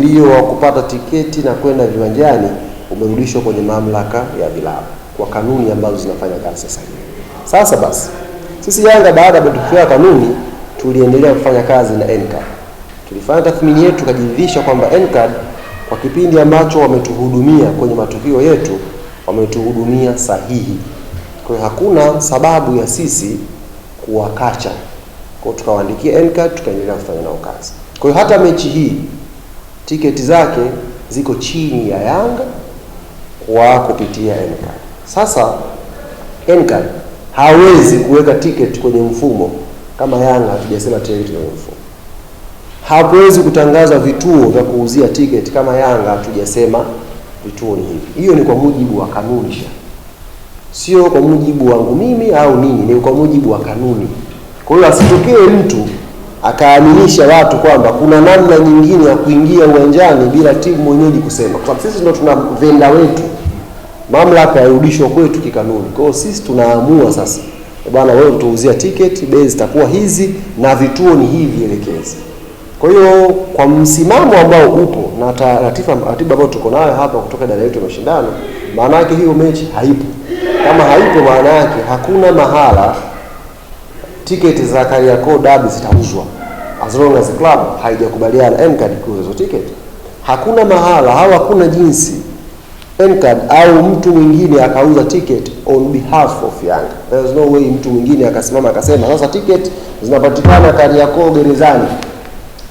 mpangilio wa kupata tiketi na kwenda viwanjani umerudishwa kwenye mamlaka ya vilabu kwa kanuni ambazo zinafanya kazi sasa hivi. Sasa basi sisi Yanga baada ya matokeo ya kanuni tuliendelea kufanya kazi na NCAD. Tulifanya tathmini yetu tukajiridhisha kwamba NCAD kwa kipindi ambacho wametuhudumia kwenye matukio yetu wametuhudumia sahihi. Kwa hiyo hakuna sababu ya sisi kuwakacha. Kwa hiyo tukawaandikia NCAD tukaendelea kufanya nao kazi. Kwa hiyo hata mechi hii tiketi zake ziko chini ya Yanga kwa kupitia Ncard. Sasa Ncard hawezi kuweka tiketi kwenye mfumo kama Yanga, hatujasema tiketi kwenye mfumo. Hawezi kutangaza vituo vya kuuzia tiketi kama Yanga, hatujasema vituo ni hivi. Hiyo ni kwa mujibu wa kanuni, sio kwa mujibu wangu mimi au nini, ni kwa mujibu wa kanuni. Kwa hiyo asitokee mtu akaaminisha watu kwamba kuna namna nyingine ya kuingia uwanjani bila timu mwenyeji kusema, kwa sababu sisi ndio tuna venda wetu, mamlaka yarudishwa kwetu kikanuni. Kwa hiyo sisi tunaamua sasa, bwana wewe utuuzia tiketi, bei zitakuwa hizi na vituo ni hivi elekezi. Kwa hiyo kwa msimamo ambao upo na ratiba ambayo tuko nayo hapa kutoka idara yetu ya mashindano, maana yake hiyo mechi haipo. Kama haipo, maana yake hakuna mahala tiketi za Kariakoo dabi zitauzwa as long as the club haijakubaliana NCAD kuuza hizo tiketi. Hakuna mahala au hakuna jinsi NCAD au mtu mwingine akauza ticket on behalf of Yanga. There is no way mtu mwingine akasimama akasema sasa ticket zinapatikana Kariakoo gerezani.